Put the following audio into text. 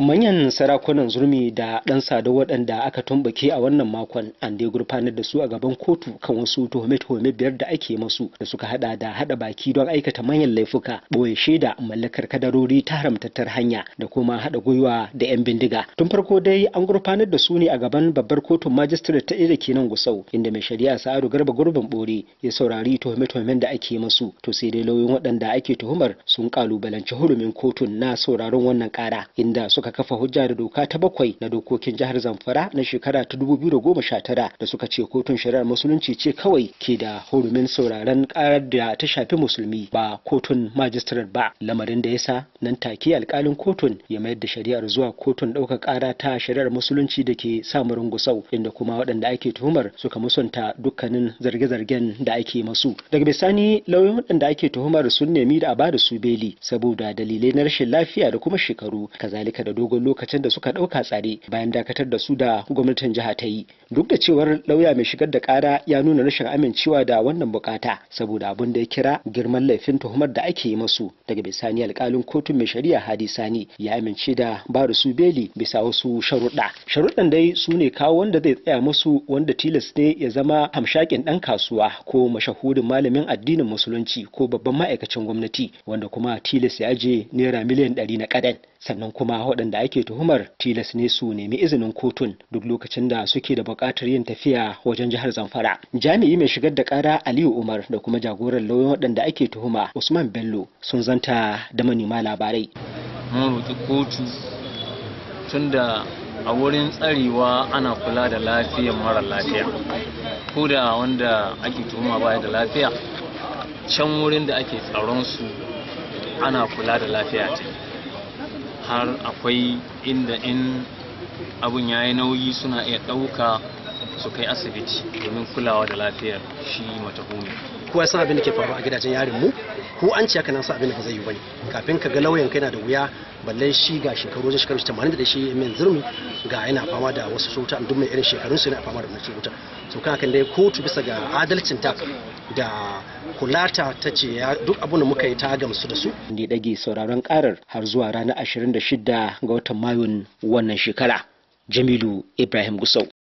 manyan sarakunan zurmi da ɗan sadu waɗanda aka tumbake a wannan makon an dai gurfanar da su a gaban kotu kan wasu tuhume-tuhume biyar da ake masu da suka hada da hada baki don aikata manyan laifuka ɓoye shaida mallakar kadarori ta haramtattar hanya da kuma hada gwiwa da 'yan bindiga tun farko dai an gurfanar da su ne a gaban babbar kotun majistare ta ida kenan gusau inda mai shari'a sa'adu garba gurbin bore ya saurari tuhume-tuhumen da ake masu to sai dai lauyoyin waɗanda ake tuhumar sun kalubalanci hurumin kotun na sauraron wannan ƙara inda suka suka kafa hujja da doka ta bakwai na dokokin jihar zamfara na shekara ta 2019 da suka ce kotun shari'ar musulunci ce kawai ke da hurumin sauraron karar da ta shafi musulmi ba kotun majistarar ba lamarin da yasa nan take alkalin kotun ya mayar da shari'ar zuwa kotun ɗaukar kara ta shari'ar musulunci da ke sa murungusau inda kuma waɗanda ake tuhumar suka musanta dukkanin zarge-zargen da ake masu daga bisani lauyoyin waɗanda ake tuhumar sun nemi da a da su beli saboda dalilai na rashin lafiya da kuma shekaru kazalika da dogon lokacin da suka ɗauka tsare bayan dakatar da su da gwamnatin jiha ta yi duk da cewar lauya mai shigar da kara ya nuna rashin amincewa da wannan bukata saboda abin da ya kira girman laifin tuhumar da ake yi masu daga bisani alkalin kotun mai shari'a hadi sani ya amince da ba da su beli bisa wasu sharuɗa sharuɗan dai su ne kawo wanda zai tsaya masu wanda tilas ne ya zama hamshakin ɗan kasuwa ko mashahurin malamin addinin musulunci ko babban ma'aikacin gwamnati wanda kuma tilas ya aje naira miliyan ɗari na kadan sannan kuma waɗanda ake tuhumar tilas ne su nemi izinin kotun duk lokacin da suke da buƙatar yin tafiya wajen jihar zamfara jami'i mai shigar da ƙara aliyu umar da kuma jagoran lauyan waɗanda ake tuhuma usman bello sun zanta da manema labarai mun roƙi kotu tunda a wurin tsarewa ana kula da lafiyar mara lafiya ko da wanda ake tuhuma baya da lafiya can wurin da ake tsaron su ana kula da lafiya ce. har akwai inda in abun ya yi nauyi suna iya ɗauka su kai asibiti domin kulawa da lafiyar shi mata matahumi ko ya san abin da ke faruwa a gidajen yarin mu ko an ce nan sa abin da ba zai yi bane kafin ka ga lauyan kai na da wuya balle shi ga shekaru wajen shekaru 80 da shi mai zurmi ga yana fama da wasu sauta duk mai irin shekarun su yana fama da wani cutar to kakan dai kotu bisa ga adalcin adalcinta da kulata ta ce duk abin da muka yi ta gamsu da su. Ni dage sauraron karar har zuwa ranar 26 ga watan Mayun wannan shekara. Jamilu Ibrahim Gusau.